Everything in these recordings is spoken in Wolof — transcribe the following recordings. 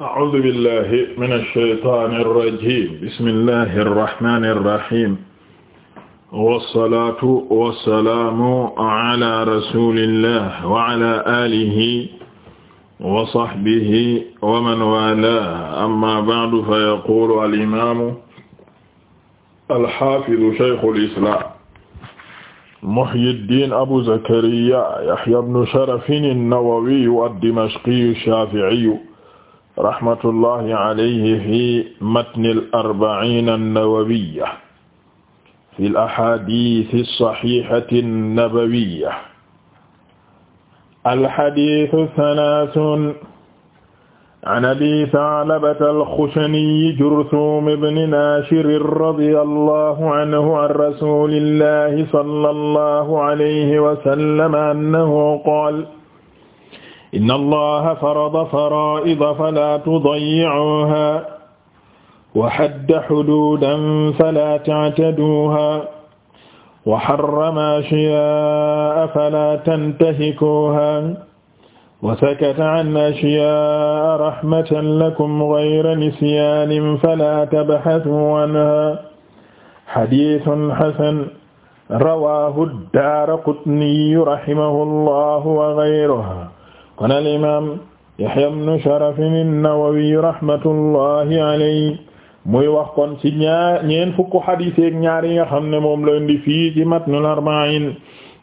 أعوذ بالله من الشيطان الرجيم بسم الله الرحمن الرحيم والصلاة والسلام على رسول الله وعلى آله وصحبه ومن والاه أما بعد فيقول الإمام الحافظ شيخ الإسلام محيي الدين أبو زكريا يحيى بن شرف النووي الدمشقي الشافعي rahmatullahi alayhi fi matni al-arba'iin an-nawawiyya fi al-ahaadiith as-sahiihati an-nabawiyya al-hadiith thalaathuun an abi Tha'labata al-Khushani Jurthum ibn Naashir radiyallahu anhu an rasuulillahi sallallahu alayhi wa sallam annahu qaala inna allaha farada fara'ida fala tudayyi'uha wa hadda hududan fala ta'taduha wa harrama ashyaa'a fala tantahikuha wa sakata an ashyaa'a rahmatan lakum ghayra nisyaanin fala tabhathuu anha hadiithun hasan rawaahu ad-daaraqutniyyu rahimahu allahu wa ghayruhu kon al imaam Yahya ibn Sharaf an rahmatullahi alayhi muy wax kon ci ñaar ñeent fukk xadiis ak ñaar yi nga xam ne moom la indi fii ci matnul arba'in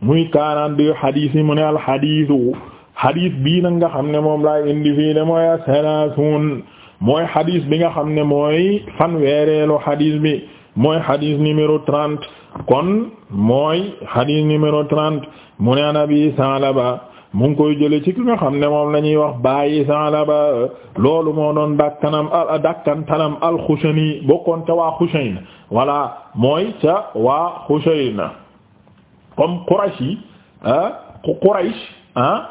muy quarante-deux xadiis yi mu ne al xadiis bii nag nga xam ne moom laay indi fii de mooy as-salaasuun mooy xadiis bi nga xam ne mooy fanweereelu xadiis bi mooy xadiis numéro trente kon mooy xadiis numéro trente mu ne an Salaba mu ngi koy jële ci ki nga xam ne moom la ñuy wax bàyyi ba loolu moo doon dakkanam dakkantalam al-Xushani bokkoon ca waa Xushayn voilà mooy ca waa Xushayn comme Qurashi ah, ah Quraysh ah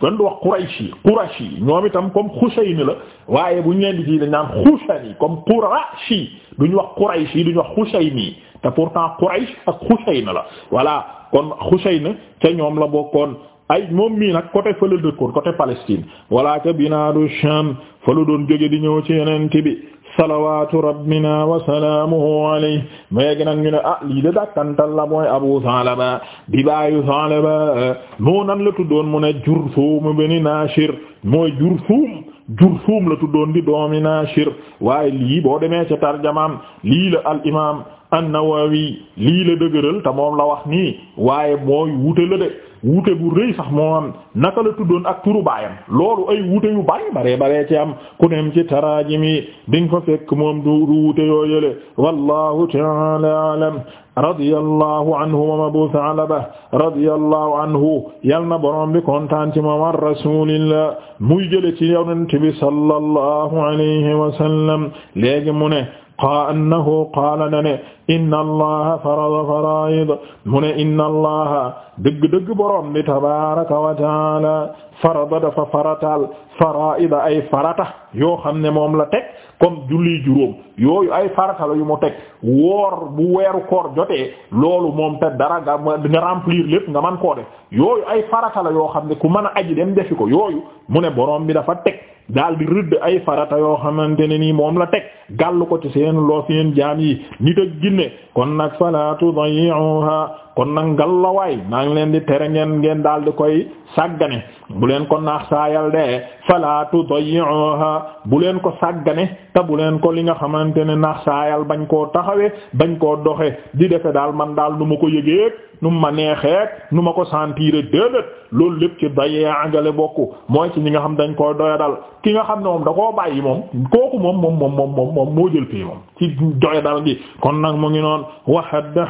kon du wax Qurayshi Qurashi ñoom itam comme Xushayn la waaye bu ñu leen di ji dañ naan Xushani comme Qurashi duñ wax Qurayshi duñ wax Xushayni te pourtant Quraysh ak Xushayn la voilà kon Xushayn ca ñoom la bokkoon. ay moom mii nag côté fële dëkkoon côté Palestine wala ca binaadu Sham fële doon jóge di ñëw ci yeneen bi salawaatu rabbina wa salaamuhu alayhi léegi nag ñu ne ah lii de dakkantal la mooy Abu Salaba di baayu Salaba moo nan la tuddoon mu ne Jurthum bani Nashir mooy Jurthum Jurthum la tuddoon di doomi Nashir waaye lii boo demee ca tarjamaam lii la al imaam an-Nawawi lii la dëgëral te moom la wax ni waaye mooy wute la wuute bu rëy sax moo am la tuddoon ak turu baayam loolu ay wuute yu bari bare bare ci am ku nem ci taraajim yi dinga fa fekk moom du wuute yoo yële wallahu ta'ala alam radiyallahu na borom bi kontaan ci moom ar rasulillah muy jële ci yonent bi sallallahu alayhi wa sallam léegi mu ne qa annahu qaala na ne inna farada faraid mu ne inna dëgg-dëgg boroom bi tabaraka wa taala farada dafa faraida ay farata yoo xam ne moom la teg comme julli juróom yooyu ay farata la yu mu teg woor bu weeru koor jotee loolu moom te dara nga nga remplir lépp nga man koo def yooyu ay farata la yoo xam ne ku mën a aji dem defi ko yooyu mu ne bi dafa teg daal di rëdd ay farata yoo xamante ne nii moom la teg gàll ko ci seen loo fi jaam yi nit ak ginne kon nag fala tudayi'uha kon nag ngallawaay naa ngi leen di tere ngeen ngeen daal di koy sàggane bu leen ko naax saayal de fala tudayi'uha bu leen ko sàggane te bu leen ko li nga xamante ne naax saayal bañ koo taxawee bañ koo doxe di defe daal man daal nu ma ko yëgeeg nu ma neexeeg nu ma ko sentiré déedéet loolu lépp ci dayaangale bokk mooy ci ñi nga xam dañ koy doyadal ki nga xam ne moom da koo bàyyi moom kooku moom moom moom moom moo wa hadda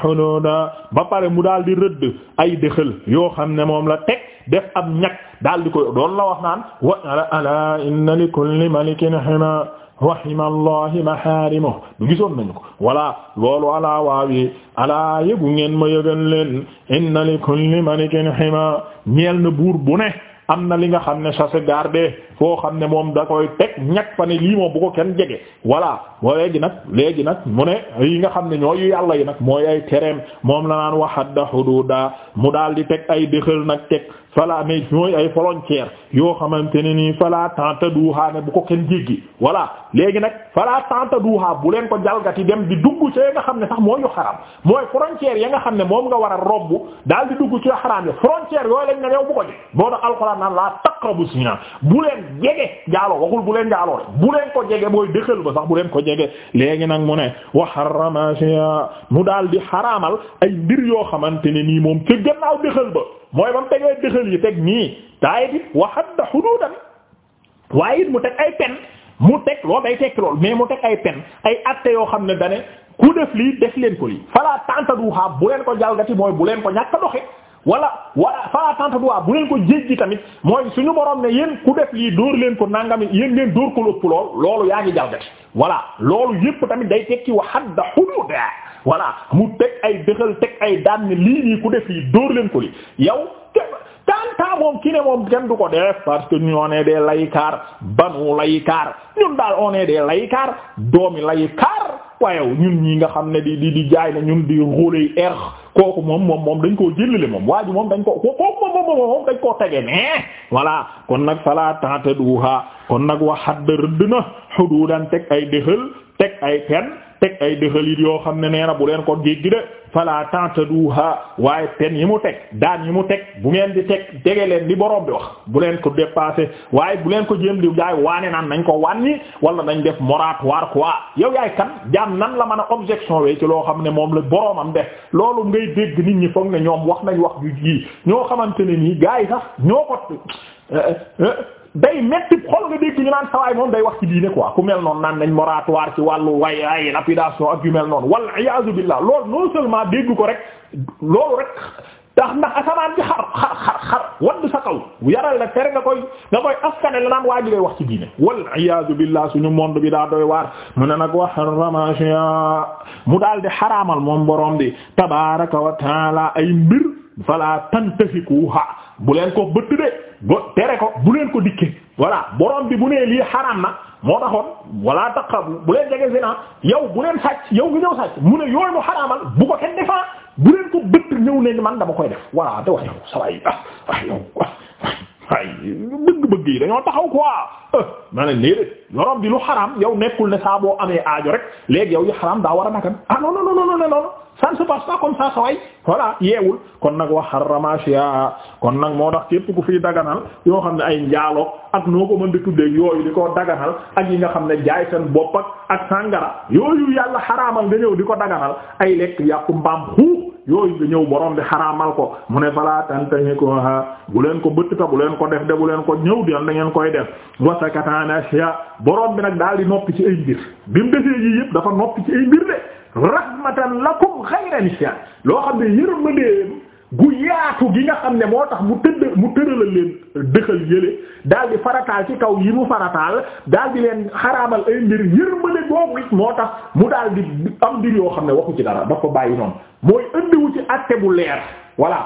ba pare mu daal di rëdd ay dëxël yoo xam ne moom la teg def ab ñag daal di koy doon la wax naan wa ala inna li kulli malikin hima wa hima allahi mahaarimuhu du gisoon nañu ko voilà loolu alaa waawi alaa yëgu ngeen ma yëgal leen inna li kulli malikin hima ñeel na buur bu ne am na li nga xam ne chasse gardée foo xam ne moom da koy teg ñàkk fa ne lii moom bu ko kenn jege voilà moo léegi nag léegi nag mu ne yi nga xam ne ñoo yu yàlla yi nag mooy ay tereem moom la naan waxadda xududa mu daal di teg ay déxal nag teg fala mais ñooy ay frontière yoo xamante ne nii fala tanta duuhaa ne bu ko kenn jéggi voilà léegi nag fala tanta duuhaa bu leen ko jalgati dem di dugg ci nga xam ne sax mooy yu xaram mooy frontière ya nga xam ne moom nga war a robb daal di dugg ci xaram ya frontière yooyu lañ ne yow bu ko jege moo laa taqrabu zina bu leen jaaloo waxul bu leen jaaloo rek bu leen ko jege mooy dëxal ba sax bu leen jege léegi nag mu ne wa mu daal di xaraamal ay mbir yoo xamante ne nii moom ci gannaaw dëxal ba mooy ba mu tegee dëxal yi teg nii taayit it waxadda xuduudan waaye it mu teg ay pen mu teg loolu day tekki loolu mais mu teg ay pen ay actes yoo xam ne dane ku def lii def leen ko lii fala tantaduha bu leen ko jalgati mooy bu leen ko ñàkk a wala wala fala tantaduha bu leen ko jéggi tamit mooy ñu borom ne yéen ku def lii dóor leen ko nangami yéen leen dóor ko lu ëpp lool loolu yaa ngi jalgati voilà loolu yépp tamit day tekki wa hadda voilà mu teg ay dëxal teg ay daan ne lii nii ku def yi dóor leen ko li yow tant moom ki ne moom kenn du ko def parce que ñu on est des layikaar banu layikaar ñun daal on est des layikaar doomi layikaar waaye ñi nga xam ne di di di jaay na ñun di rôler air kooku moom moom moom dañ koo jëlale moom waa moom dañ koo kooku moom moom dañ koo tege nee voilà kon nag fala tentaduha kon nag wa xadd rëdd na xuduudan teg ay déxal teg ay pen teg ay dëxalit yoo xam ne nee na bu leen ko jéggi de fala ta'taduha waaye pen yi mu teg daan yi mu teg bu ngeen di teg jege leen li boroom bi wax bu leen ko dépassé waaye bu leen ko jéem di jaay waane naan nañ ko wàññi wala nañ def moratoire quoi yow yaay kan jaam nan la man a objection we ci loo xam ne moom la boromam def loolu ngay dégg nit ñi foog ne ñoom wax nañ wax ju ji ñoo xamante ne nii gaa yi sax ñoo ko euh, euh, day metti xol nga dégg ñu naan sawaay moom day wax ci diine quoi ku mel noonu naan nañ moratoire ci wàllu way ay lapidation ak yu mel noonu wal iyaazu billah loolu non seulement dégg ko rek loolu rek tax ndax asamaan wax ci diine wal iyaazu billah suñu monde bi daa doy waar mu ne nag wa harrama mu dal di xaraamal moom borom di tabaaraka wa ay mbir fala tantafikuha bu leen ko bëtt de go tere ko bu leen ko dikke voilà borom di bu nee lii xaraam na moo taxoon wala taqrabu bu leen jege zina yow bu leen sàcc yow nga ñëw sàcc mu ne yooyu mu xaraamal bu ko kenn defaa bu leen ko bëtt ñëw ne man dama koy def voilà da wax yow saway ah ah yow ah, ay bëgg-bëgg yi dañoo taxaw ko quoi eh, ma ne léegi borom bi lu xaraam yow nekkul ne saa boo amee aajo rek léegi yow yi xaraam daa war a nakam ah non non ça ne se passe pas comme ça saway voilà yeewul kon nag wax xarramachia kon nag moo tax képp ku fiy daganal yoo xam ne ay njaaloo ak noo ko mën di tuddee yooyu di ko daganal ak yi nga xam ne jaay seen bopp ak sàngara yooyu yàlla xaraamal nga ñëw di ko daganal ay lekk yàqu mbaam xuux yooyu nga ñëw borom bi xaraamal ko mu ne fala tantahikuha bu leen ko bëtt ta bu leen ko def de bu leen ko ñëw di da ngeen koy def wasakataana sia borom bi nag daal di noppi ci ay mbir rahmatan lakum ghayra nisyan loo xam ne yërmandeem gu gi nga xam ne moo tax mu tëdd mu tëralal leen dëxal yële daal di farataal ci kaw yi mu farataal daal di leen xaraamal ay mbir yërmande boobu it moo tax mu daal di am mbir yoo xam ne waxu ci dara ko bàyyi noonu mooy ëndiwu ci àtte bu leer voilà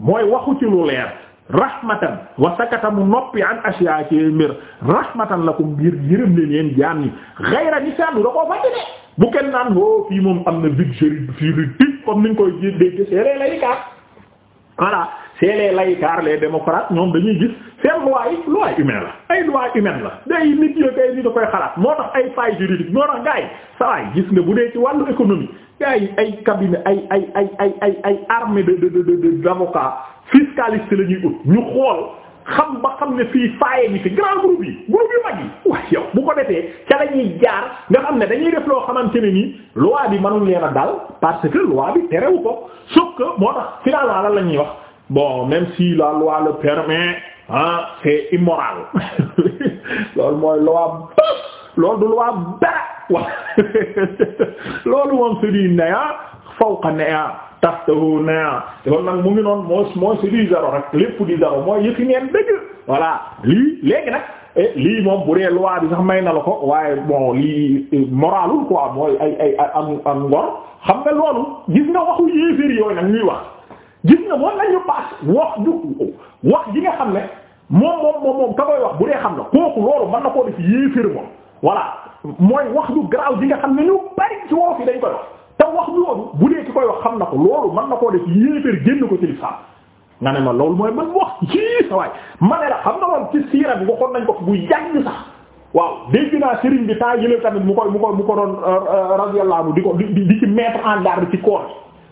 mooy waxu ci lu leer rahmatan wa sakata mu noppi an asiya ci mbir rahmatan lakum ngir yërëm leen yéen jaam yi ghayra nisyan da koo fàtte de bu kenn naan woo oh, fii moom am na vigérie vigérie comme ni ñu koy dégg c'est les laïcards voilà c'est les laïcards les démocrates ñoom dañuy gis seen loi yi loi humaine la ay loi humaine la day nit yo da koy xalaat moo tax ay failles juridiques moo tax gars yi saa yi gis nga bu dee ci wàllu économie gars yi ay cabinet ay ay ay ay ay ay armée de de de de d'avocats fiscalistes la ñuy ut ñu xool. xam ba xam ne fii faaye gi fi grand groupe yi groupe yi waaye yow bu ko defee ca la jaar nga xam ne dañuy def loo xamante ne nii loi bi mënul leen a dal parce que loi bi terewu ko sauf que moo tax finalement lan la ñuy wax bon même si la loi le permet ah c'est immoral loolu mooy loi loolu du loi dara waaw loolu moom su di naya fawqa naya tahtahu naa loolu nag mu ngi noonu mooy mooy si di zéro rek lépp di zéro mooy yëfi neen dëgg voilà lii léegi nag eh, lii moom bu dee loi bi sax may na la ko waaye bon lii eh, moralul quoi mooy ay ay am am ngor xam nga loolu gis nga waxu yéeféer yooyu nag ñuy wax gis nga moom lañu paas wax ju wax ji nga xam ne moom moom moom ka koy wax bu dee xam na kooku loolu mën na koo def yéeféer moom voilà mooy wax ju garaaw ji nga xam ne ñu bari ci wolof yi te wax loolu bu dee ki koy wax xam na ko loolu mën na koo def yéeféer génn ko ci lislaam nga ne ma loolu mooy man wax ci sa waay ma ne la xam na woon ci siira bi waxoon nañ ko bu yàgg sax waaw dégg naa sëriñ bi temps yële tamit mu koy mu koy mu ko doon euh, euh, radiyallahu di ko di di ci mettre en di ci koor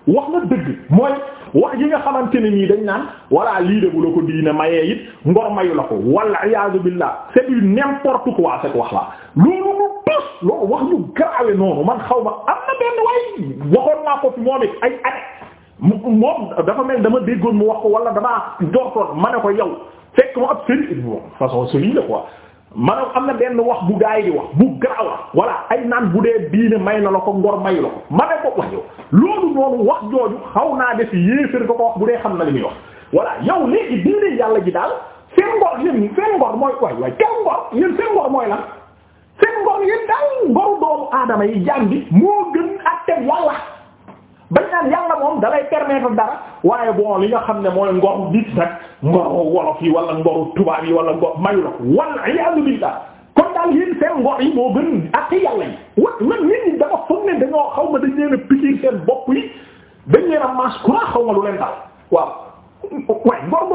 wax na dëgg mooy wax yi nga xamante ne nii dañ naan walla lii de bu la ko diine mayee it ngor mayu la ko walla iyaazu billah c'est du n'importe quoi cette wax la loolu lu tos loolu wax ñu grave noonu man xaw ma am na benn waay ko fi moom it ay at moom dafa mel dama déggoon mu wax ko wala damaa jortoon ma ne ko yow fekk ma ab sëriñ façon sëriñ la quoi maanaam am na benn wax bu gaa yi di wax bu garaaw la voilà ay naan bu dee diine may na la ko ngor may la ko ma ko wax yow loolu noonu wax jooju xaw naa def yéefér ko ko wax bu dee xam na li muy wax voilà yow léegi diine yàlla ji daal seen ngor yéen seen ngor mooy waay waay kenn ngor yéen seen ngor mooy lan seen ngor yéen daal ngoru doomu aadama yi jaam moo gën ak teg yàlla bañ naan yàlla moom dalay permettre dara waaye bon li nga xam ne mooy ngoru dit nag ngoru wolof yi wala ngoru tubaab yi wala ngor mayu la wala iyaazu billah daal yéen seen ngor yi moo gën ak yàlla yi xaw ma dañ leen a piquer a xaw ma lu leen dal waaw du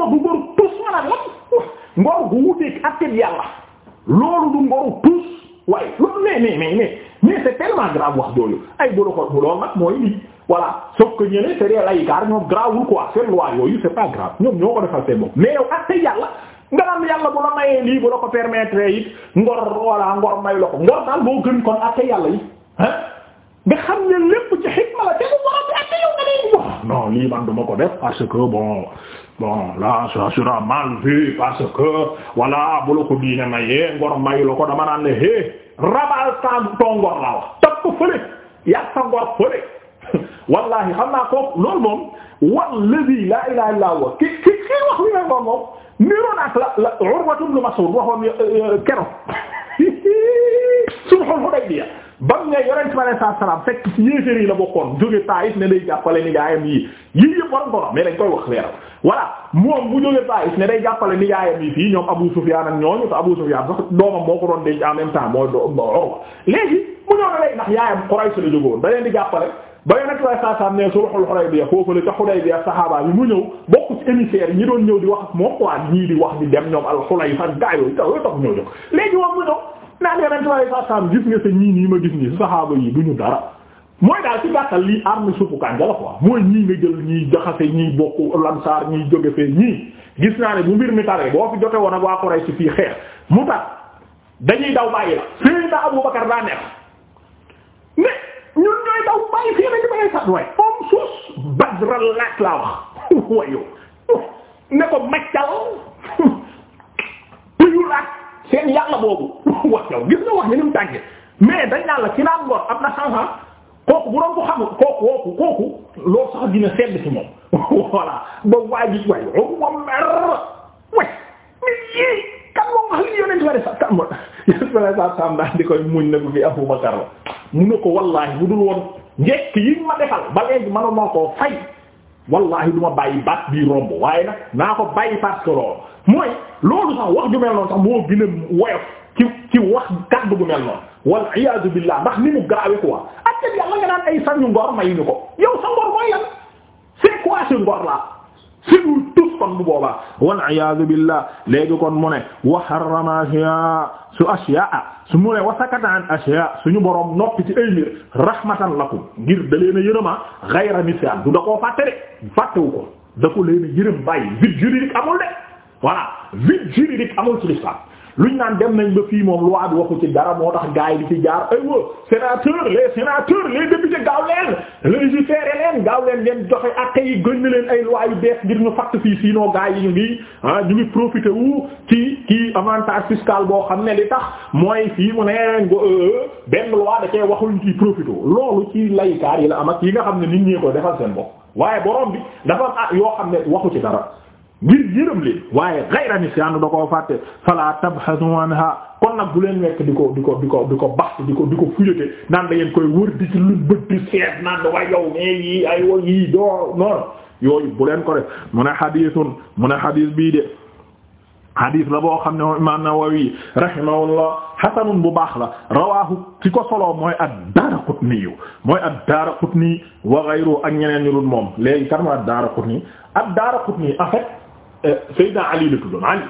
ngor gu tus waaye loolu mais mais mais mais mais c'est wax jooju ay bu la ko bu loolu nag mooy lii voilà sauf que ñeneen c'est des laïcars ñoom grawul quoi seen loi yooyu c'est pas grave ñoom ñoo ko defal seen bopp mais yow ak nga naan yàlla bu la mayee lii bu la ko permettre it ngor voilà ngor may la ko ngor daal boo kon ak tey yàlla yi ah nga xam ne lépp ci xikma la te bu war a ak yow nga dee wax non lii man duma ko def parce que bon bon là ça sera mal parce que voilà bu la ko diine mayee ngor may la dama naan ne hé rabal temps wallahi xam naa kooku loolu moom wallahi laa ilaaha illaa huwa ki ki ki wax li nga moom niroo na ak la la Urwatu ibn Mas'ud waxoon euh, euh, kero sulhul Hudaybiya bam ne yonent bi alayhi salaam fekk ci yéeféer yi la bokkoon jóge Taayif ne day jàppale nijaayam yii yii yëpp waroon ko mais dañ koy wax leeral voilà moom bu jóge Taayif ne day jàppale nijaayam yi fii ñoom Abu Sufyaan ak ñooñu te doomam moo ko doon denc en même temps mooy Urwa léegi mu ñëw na lay ndax yaayam Quraysh la jógoon di jàppale ba yonent bi saa saa ne sulhul Hudaybiya foofu la ca Hudaybiya saxaaba yi mu ñëw bokk ci émissaire ñi doon ñëw di wax ak moom waa ñii di wax di dem ñoom al-Hulayfa gaayoo tax ñoo jóg léegi moom mu ñëw naan yonent bi saa saa gis nga sa ñii nii ma gis lii arme suufu kànja la quoi mooy ñii nga jël ñii jaxase ñii bokk lansaar ñii jóge fee ñii gis naa ne bu mbir mi taree boo fi jote woon ak waa Quraysh fii xeex mu tax dañuy daw bàyyi la Sayyidina Abu Bakar daa neex ñun ñooy daw bàyyi fii rek ba ngay sànni waay moom suus badral laat laa wax wayo ne ko maccal tuyu laat seen yàlla boobu wax yow gis nga wax ni mu tàggee mais dañ naan la ci naan ngor am na xam-xam kooku bu doon ko xamul kooku kooku kooku loo sax dina sedd ci moom voilà ba waa ji waay oo moom mer waay mais yii kan moom wax li yonent ware sa tàmm yonent ware sa tàmm daal di koy muñ na bu fi Abu Bakar la mu ne ko wallaahi bu dul woon njekk yi ma defal ba léegi mënoon naa koo fay wallaahi du ma bàyyi baat bii romb waaye nag naa ko bay parce que loolu mooy loolu sax wax ju mel noonu moo gën a woyof ci ci wax kàddu gu mel noonu wal iyaadu billah ndax ni mu grave quoi ak yàlla nga naan ay sañu ngor mayu ñu ko yow sa ngor mooy lan c'est quoi ngor là fenul tus kon bu booba wal iyaadu billah léegi kon mu ne wa harrama ashyaa su ashyaa su mu wa sakata an ashyaa suñu borom noppi ci ay mbir rahmatan lakum ngir da leen a yërëma ghayra nisyan du da koo fàtte de fàttewu ko da ko leen a yërëm lu ñu naan dem nañ ba fii moom loi bi waxu ci dara moo tax gaay yi di ci jaar ay wa sénateur les sénateurs les députés gaaw leen légiférer leen gaaw leen ngeen joxe àtte yi gën na leen ay loi yu bees ngir ñu fatt fii sinon gaay yi ñu ngi ah ñu ngi profiter wu ci ci avantage fiscal boo xam ne li tax mooy fii mu ne euh, euh, benn loi da cee waxul ñu ciy profiter loolu ci laykaar yi la am ak yi nga xam ne nit ñee ko defal seen bopp waaye borom bi da am yoo xam ne waxu ci dara ngir yërëm leen waaye ghayra nisyan da koo fàtte fala tabhasu anha kon nag bu leen nekk di ko di ko di ko di ko di ko di naan da ngeen koy wër di ci lu bët seet naan da way yow mais yi ay wo doo noonu yooyu bu leen ko def mu ne xadiisun mu ne xadiis bii de xadiis la boo xam ne imam Nawawi rahimahullah xasanun bu baax la rawaahu ci ko soloo mooy ad-Daaraqutni yu mooy ad-Daaraqutni wa ghayru ñeneen ñu dul moom léegi kan ma ad-Daaraqutni ad-Daaraqutni en Euh, Seydina Ali la tuddoon Ali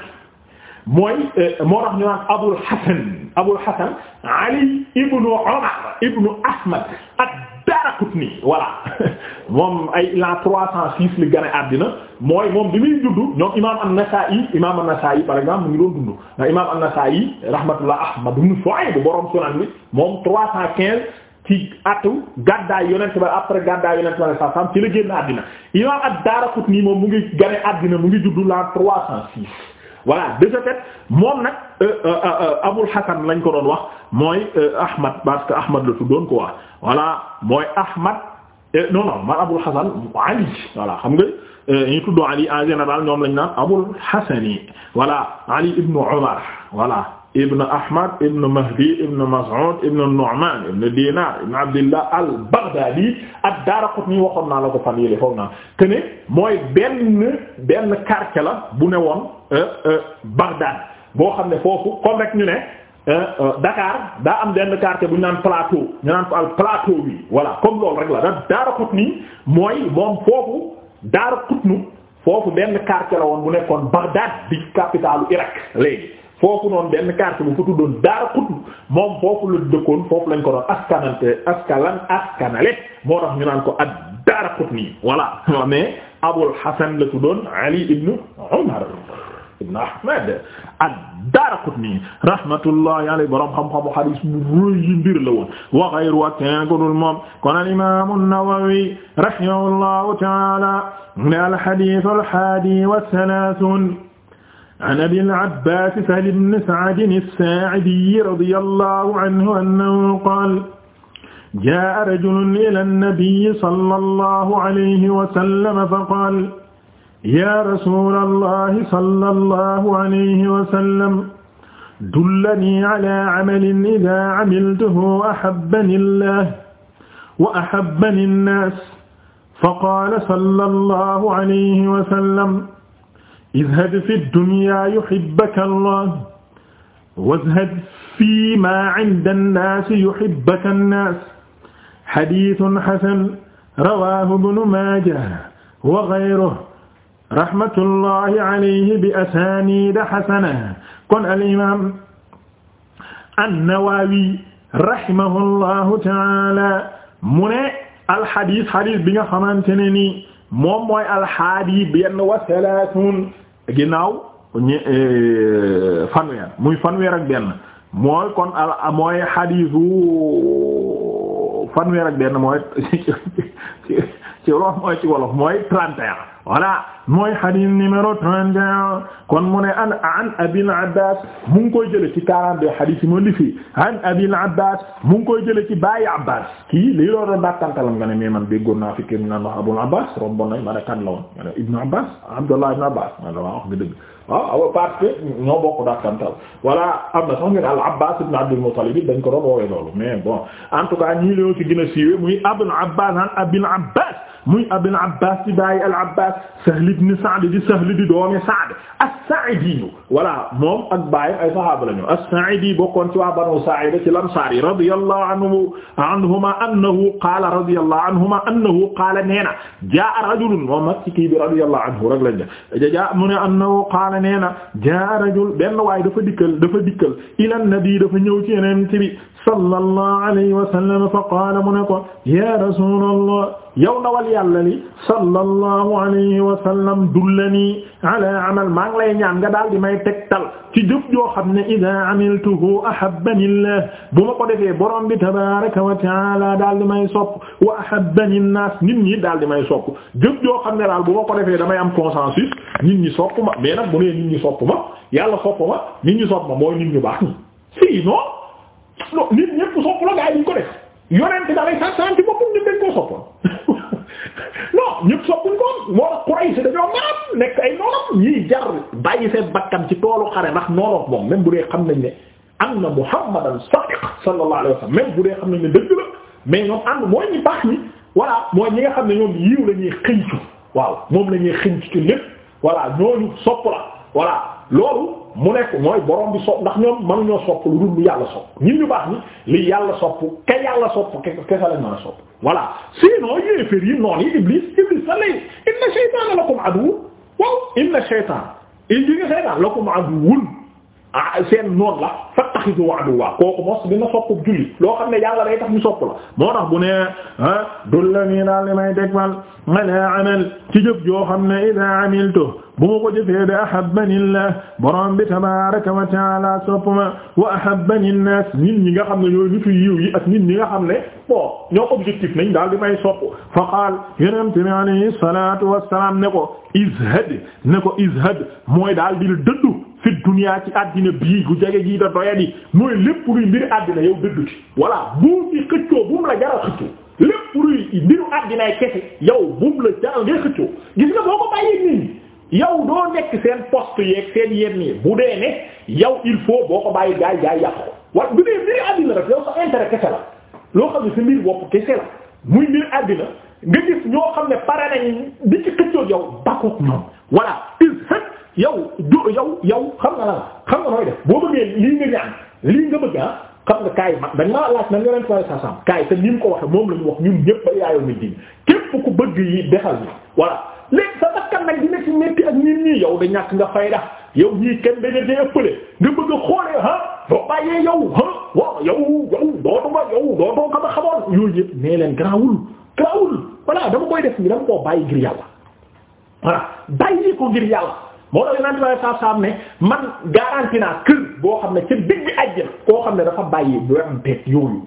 mooy euh, moo tax ñu naan Abul Hasan Abul Hasan Ali ibnu Umar ibnu Ahmad ad-Daraqutni voilà moom ay la 306 li gën a àddina mooy moom bi muy juddu ñoom imaam an-Nasaa'i imaam an-Nasaa'i par exemple mu ngi doon dund ndax imaam an-Nasaa'i rahmatullah Ahmad ibn Shu'ayb bu borom Sunan bi moom 315 ci atu gàddaay yonent ba après gàddaay yonent ba sa sam ci la génn àddina imam ad-Daraqutni moom mu ngi gane àddina mu ngi juddu la 306 voilà de ce fait moom nag euh, euh, euh, Abul Hasan lañ ko doon wax mooy Ahmad parce que Ahmad la tuddoon ko wax voilà mooy Ahmad non non man Abul Hasan Ali voilà xam nga ñu tuddoo Ali en général ñoom lañ naan Abul Hasan yi Ali ibn Umar voilà ibn Ahmad ibn Mahdi ibn Mas'ud ibn Nu'man ibn Dinar ibn Abdillah al-Baghdadi ad-Daraqutni waxoon naa la ko fan yële foog naa que mooy benn benn quartier la bu ne woon euh, euh, Baghdad boo xam ne foofu comme rek ñu ne euh, Dakar daa am benn quartier bu ñu naan plateau ñu naan ko al plateau bi voilà comme loolu rek la da Daraqutni mooy moom foofu Daraqutni foofu benn quartier la woon bu nekkoon Baghdad di capitalu Irak léegi. foofu noonu benn carte bu fa tuddoon Daara Qutb moom foofu la dëkkoon foofu lañ ko doon askanante askalan askanale moo tax ñu naan ko ad Daaraqutni voilà mais Abul Hasan la tuddoon Ali ibn Umar ibn Ahmad ad-Daaraqutni rahmatullahi alayhi borom xam-xamu hadiis bu rëy yi mbir la woon wa ghayru ak keneen ku dul moom kon al-Imaam an-Nawawi ta'ala ne al-hadiis al-haadi an abil abbaas sahl ibn sa'd as-saacidiy radiyallaahu anhu annahu qaala jaa'a rajulun ilaa nabiyyi sallallaahu alayhi wa sallam faqaala yaa rasuulallaahi sallallaahu alayhi wa sallam dullanii calaa camalin idaa camiltuhu ahabbanii llaah wa ahabbanii nnaas faqaala sallallaahu alayhi wa sallam izhad fi dunya yuhibbaka Allah wazhad fi ma inda an-nas yuhibbaka an-nas hadithun hasan rawahu ibnu majah wa ghayruhu rahmatullahi alayhi bi asanida hasana kon al-imam an-Nawawi rahimahullahu ta'ala mu ne al-hadith hadith bi nga xamante ne ni moom mooy al-haadi benn wa salaasuun ginnaaw ñe fanweer muy fanweer ak benn mooy kon al mooy xadiisu fanweer ak benn mooy ci ci wolof mooy trente voilà mooy hadith numéro 31 kon mu ne an an abil abbas mu ngi koy jële ci 42 hadith yi moo li fii an abil abbas mu ngi jële ci bàyyi abbas kii lii loo doon dàkkantalam nga ne mais man déggoon naa fi kém naan wax abul abbas rombon nañ ma ne kan la woon nga ne ibnu abbas ma ne waa wax nga dëgg waaw ah, ah, parce que ñoo bokk dàkkantal voilà am na sax nga ne al abbas ibnu abdul muttalib a abul abbas an abil abbas muy Abul Abbaas di bàyyi al Abbaas Sahl ibn Sa'd di Sahl di doomi Sa'd as-Sa'idi voilà moom ak baayam ay saxaaba lañu as-Sa'idi bokkoon ci waa Banu Sa'ida ci Ansaar yi radiyallahu anhu anhuma annahu qaala radiyallahu anhuma annahu qaala neena jaa rajulun moom nag ci kii bi radiyallahu anhu rek lañu def jaa mu ne annahu qaala neena jaa rajul benn waay dafa dikkal dafa dikkal ila nabi dafa ñëw ci yeneen ci bi sallallahu alayhi wa sallam fa qaala mu ne ko ya rasulallah yow ndawal yàlla li sallallahu alayhi wa sallam dullani ala amal maa ngi lay ñaan nga daal di may tegtal ci jëf joo xam ne ida amiltuhu ahabbanillah bu ma ko defee borom bi tabaraka wa taala daal di may sopp wa ahabbani nnaas nit daal di may sopp jëf xam ne daal bu damay am consensus nit ñi sopp ma mais nag bu nee nit ñi sopp ma yàlla sopp ma nit ñi sopp ma mooy nit ñu baax nit ñépp sopp la gaa yi ko def yonent dalay sa santi boppam ñu dañ koo soppoon non ñëpp soppuñ ko moo tax Quraysh dañoo maam nekk ay noonam ñiy jar bàyyi seen bakkan ci toolu xare ndax noonook moom même bu dee xam nañ ne am na Muhammadan sadiq sallallahu alayhi wa sallam même bu dee xam nañ ne dëgg la mais ñoom ànd mooy ñi baax ñi nga xam ne ñoom yiw la ñuy xëñcu waaw moom la ñuy xëñcu ci lépp voilà ñooñu sopp la voilà loolu mu nekk mooy borom bi sopp ndax ñoom mënuñoo sopp lu dul yàlla sopp baax ni li yàlla sopp ka yàlla sopp ke ke sa a sopp voilà sinon yéefér yi noon yi iblis iblis sa lay inna shaytana lakum aduwwun waaw inna shaytana il ji nga shaytan lakum aduwwun ah seen noon la fattaxidu aduwwa kooku mos dina sopp julli loo xam ne yàlla day tax ñu sopp la moo tax bu ne ah dul la nii daal li may degmal ma amal ci joo xam ne ida amiltu bu ma ko jëfee de ahabbani llah borom bi tabaraka wa taala soppma wa ahabbani nnaas nit ñi nga xam ne ñooy nitu yiw yi ak nit ñi nga xam ne bon ñoo objectif nañ daal di may sopp fa qaal yonente bi alayhi salatu wasalaam ne ko izhad ne ko izhad mooy daal di dëddu fi dunya ci àddina bii gu jege gii da doyadi mooy lépp luy mbir àddina yow dëddu ci voilà bu ci xëccoo la jaral xëccoo lépp luy mbiru àddinaay kese yow bu mu la jaral ngay xëccoo gis yow doo nekk seen poste yeeg seen yenn yi bu dee ne yow il faut boo ko bàyyi gaay gaay yàq ko wala bu dee mbiri àddina rek yow sa intérêt kese la loo xam ne si mbir bopp kese la muy mbir àddina nga gis ñoo xam ne pare nañ di ci xëccoog yow bakkoog yow jo nga la xam nga nooy def boo bëggee lii nga ñaan lii nga bëgg ah xam nga kaay ma dañ maa laaj nan nga leen fay sa sam kaay te ni mu ko waxe moom la ñu wax ñun ñëpp ba yaayoo na din képp ku bëgg yi defal ni voilà léegi sa bakkan nag dina ci metti ak nit ñi yow da ñàkk nga fayda yow ñii kenn dañu dee ëppale nga bëgg a xoolee ah doo bàyyee yow ah waaw yow yow dootu ma a dootoo ko ma xamoon yooyu a nee leen garaawul garaawul voilà dama koy def nii dama koo bàyyi ngir yàlla voilà bàyyi ko ngir yàlla moo tax yeneen i saa saa naa kër boo xam ne ca digg àjjana koo xam ne dafa bàyyi lu am teg yooyu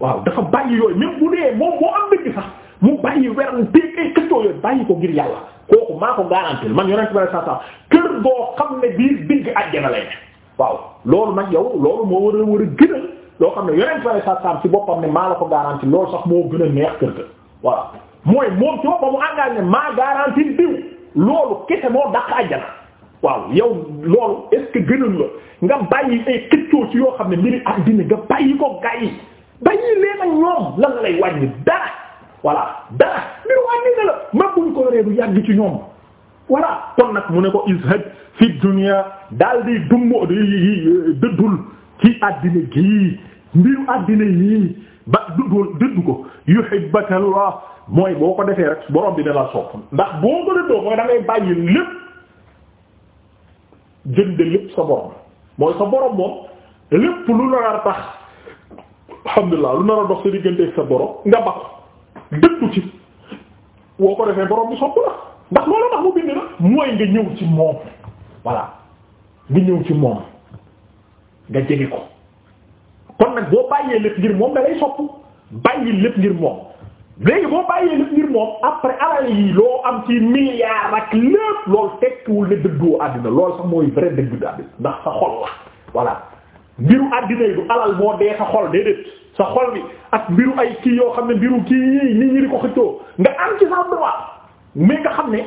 waaw dafa bàyyi yooyu même bu dee moom moo am dëgg sax. mu bàyyi weral téeg ay këccoo yooyu bàyyi ko ngir yàlla kooku maa ko garantil man yonent bi saa saa kër goo xam ne biir digg àjjana lay ne waaw loolu nag yow loolu moo war a war a gënal loo xam ne yonent bi saa saa boppam ne maa la ko garanti loolu sax moo gën a neex kër ga waaw mooy moom ci boppam moo daq àjjana waaw yow loolu est ce que gënal la nga bàyyi këccoo ci yoo xam ne mbiri àddina nga bàyyi ko gars bàyyi leen ñoom lan lay wàññi dara. voilà dara mbir wàññi na la même buñ ko yàgg ci ñoom voilà kon nag mu ne ko izhad fi dunya daal di dumbo dëddul ci àddina gii mbiru àddina yii ba dëddul dëddu ko yuhibbaka Allah mooy boo ko defee rek borom bi da la sopp ndax boo ko dëddoo mooy da bàyyi lépp jënd lépp sa borom mooy sa borom moom lépp lu nar a tax alhamdulillah lu nar a dox sa diggante sa borom nga ba dëddu ci woo ko defee borom bu sopp la ndax loolu ndax mu bind na mooy nga ñëw ci moom voilà nga ñëw ci moom nga jege ko kon nag boo bàyyee lépp ngir moom da lay sopp bàyyi lépp ngir moom léegi boo bàyyee lépp ngir moom après alal yi loo am ci milliard ak lépp loolu tekkiwul ne dëddoo àddina lool sax mooy vrai dëgg àddina ndax sa xol la voilà mbiru àddina yi du alal moo dee sa xol déedéet sa xool bi ak mbiru ay kii yoo xam ne mbiru kii yii nit ñi di ko xëccoo nga am ci sa droit mais nga xam ne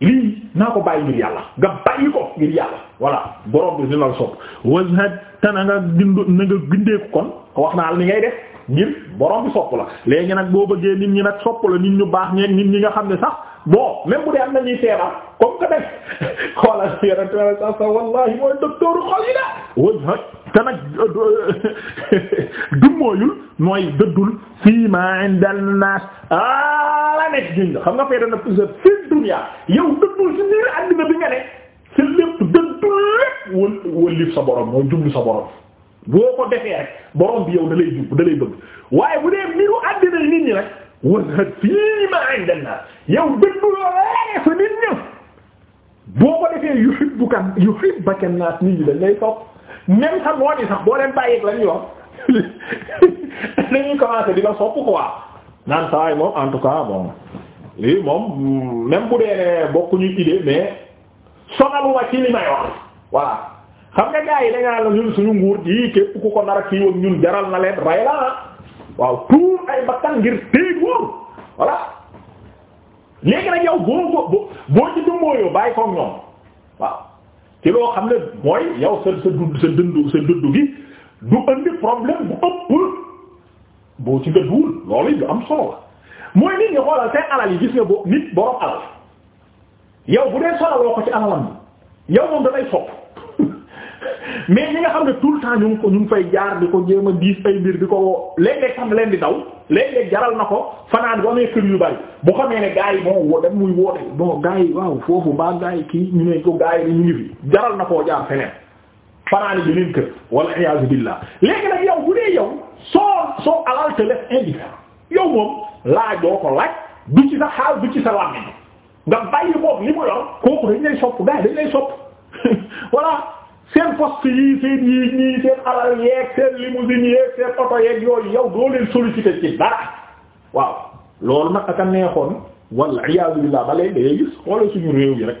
lii naa ko bàyyi ngir yàlla nga bàyyi ko ngir yàlla voilà borom bi dina la sopp wazhad te na nga gind na nga gindeeku kon wax naa la ni ngay def ngir borom bi sopp la léegi nag boo bëggee nit ñi nag sopp la nit ñu baax ñeeg nit ñi nga xam ne sax bo même bu dee am nañuy feebar comme que nag xoolal yonent bi alayhi salaam wallahi mooy docteur xol yi la ah, euh, euh, ma indal naas ah nekk juñ la xam nga fay dana plusieurs fi dunya yow dëddul ci niir àddina bi nga ne ci lépp dëddul lépp wal wal sa borom mooy jublu sa borom boo ko bi yow da lay jub da lay waaye bu dee mbiru àddina yi nit ñi wazhad fii ma inda nas yow dëddu loolee fa nit ñëpp boo ko defee yuhibbuka yuhibbuka nas nit ñi dañ lay sopp même sax moo di sax boo leen bàyyi lañ yor di la sopp quoi naan saa moom en tout cas bon lii moom même bu dee ne bokkuñu idée mais sonaluma ci li may wax voilà xam nga gars yi da ngaa la ñun suñu nguur gi képp ku ko nar kii woon ñun jaral na leen rey la ah. waaw tuur ay bakkan ngir téeg wóor voilà léegi nag yow boo boo boo ci dumbooyoo bàyyi koog ñoom waaw ci loo xam ne mooy yow sa du dund sa dund sa dund gi du andi problème bu ëpp boo ci nga duul loolu du am solo la mooy nit ñi xoolal seen alal yi gis nga bo nit borom alal yow bu dee solaloo ko ci alalam bi yow moom da lay sopp mais ñi nga xam ne tout le temps ñu ko ñu ngi fay jaar di ko jéem a diis ay mbir di ko woo léeg leen di daw léeg jaral na ko fanaan bu amee kër yu bari bu xamee ne gars yi bon dem muy woote bon gars yi waaw foofu mbaa gars yi kii ñu ne ko gars yi ñu ngi fi jaral na koo jaar feneen fanaane bi leen kër wala iyaazu billah léegi nag yow bu dee yow soo soo alal te les yow moom laajoo ko laaj du ci sa xaal du ci sa làmmiñ nga bàyyi boobu li mu yor dañ lay sopp gars seen poste yii seen yii ñii seen alal yeeg seen limousine yeeg seen oto yeeg yooyu yow doo leen solliciter ci dara waaw loolu nag aka neexoon walla iyaazu billaah ba léegi dangay gis xoolal suñu réew yi rek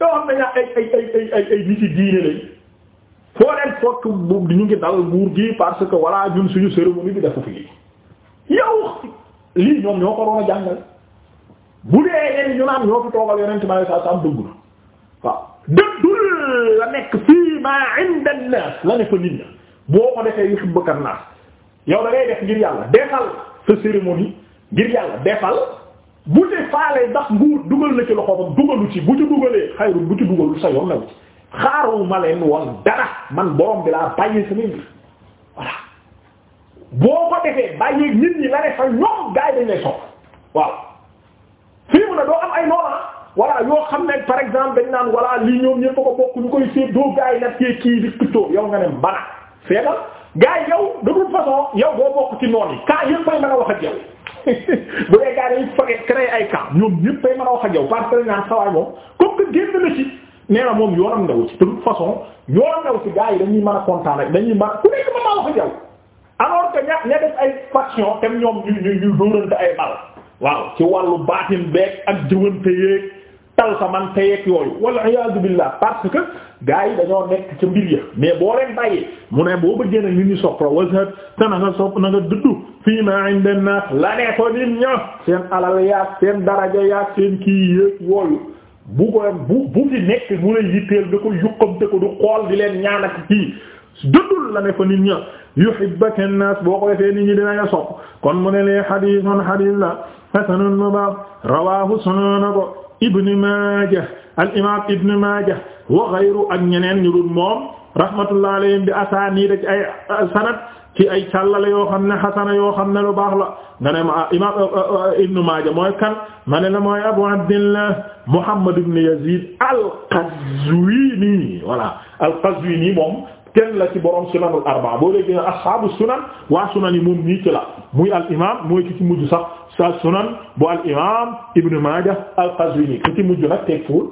yoo xam nañaa ay ay yi diine lañ foo leen fokk bu ñu ngi dal buur gi parce que voilà ñun suñu cérémonie bi dafa fi yow lii ñoom ñoo ko doon a jàngale bu dee yenn ñu naan ñoo fi toogal yonent bi sallallahu alayhi wasallam dëgg na waaw la nekk fii ma inda an la ne fa nit ña boo ko defee yuhibbuka an-nas yow da ngay def ngir yàlla defal sa cérémonie ngir yàlla defal bu te ndax nguur dugal na ci loxo loxoom dugalu ci bu ci dugalee xayru bu ci dugalu sa yoon na ci xaaru leen woon dara man borom bi laa bàyyi sama mbir voilà boo ko defee bàyyi nit ñi la ne fa ñoom gaay dañ lay sopp waaw fii mu ne doo am ay noona voilà yoo xam ne par exemple dañ naan voilà lii ñoom ñëpp ko bokk ñu koy séddoo gars yi nag kii kii di tuutoo yow nga ne mbala feebar gars yi yow da toute façon yow boo bokk ci noon yi cas yëpp bay mën a wax ak yow bu dee gars yi ay cas ñoom a wax ak yow parce que dañ comme que génn na ci nee moom yoonam ndaw ci de toute façon yoonam ndaw ci gars yi dañuy mën a kontaan rek dañuy mën ku nekk mën naa wax ak yow alors que ña ña def ay faction tam ñoom ñu ñu ñu dóorante ay bal waaw ci wàllu baatin beeg ak jëwante tal sa man teyeeg yooyu wala iyaadu billah parce que gars dañoo nekk ca mbir ya mais boo leen bàyyee mu ne boo bëggee nag nit ñi soxla wasat te na nga sopp na nga dudd ma inda la ne ña seen alal yaag seen daraja yaag seen kii yéeg yooyu bu ko bu bu fi nekk mu lay yitteel da ko yuqamte ko du xool di leen ñaan ak kii duddul la ne fa nit ña yuhibbaka an-nas boo ko defee nit ñi dina nga kon mu ne lee hadithun hadith la hasanun mubah rawahu sunana ko ibn Maajah al imaam ibn Maajah wa ghayru ak ñeneen ñu dul moom rahmatullah alayhim bi asaaniid ci ay sanad ci ay càllale yoo xam ne xasana yoo xam ne lu baax la nga ne ma ah, imaam ah, ah, ibn Maajah mooy kan ma ne la mooy Abu Abdillah Muhammad ibn Yazid al-Qazwini voilà al-Qazwini moom kenn la ci borom sunanul arbaa boo léegi ne ashaabu sunan waa sunan yi moom nii ci la muy al imam mooy ki ci mujj sax sa sunan bu al imam ibnu maaja al qazwini ki ci mujj nag tekkiwul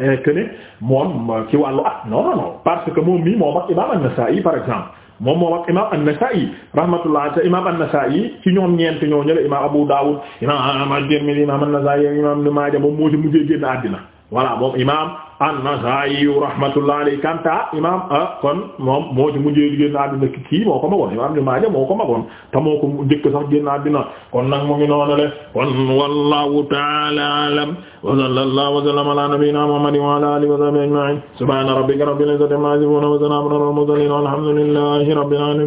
eh, que ne moom ci wàllu at non non non parce que moom mii moom ak imam an-Nasa'i par exemple moom moom ak imam an-Nasa'i rahmatullah te imam an-Nasa'i ci ñoom ñeent ñoo ñële imam Abu Dawud imam Ahmad Tirmidhi imam an-Nasa'i imam Ibn Maaja moom moo ci mujjee génn àddina voilà moom imam an-Nasaa'i rahmatullahi alayhi kanta imam ah, kon moom moo ci mujjee génn àddina kii moo ko magoon imam Ibn Maaja moo ko magoon te moo ko njëkk sax génn àddina kon nag mu ngi noonu le kon wallahu ta'ala a'lam wa sallallahu wa sallama ala nabiyyina Muhammadin wa ala alihi wa sahbihi ajma'in subhana rabbika rabbil izzati amma yasifun wa salamun ala al-mursalin walhamdulillahi rabbil alamin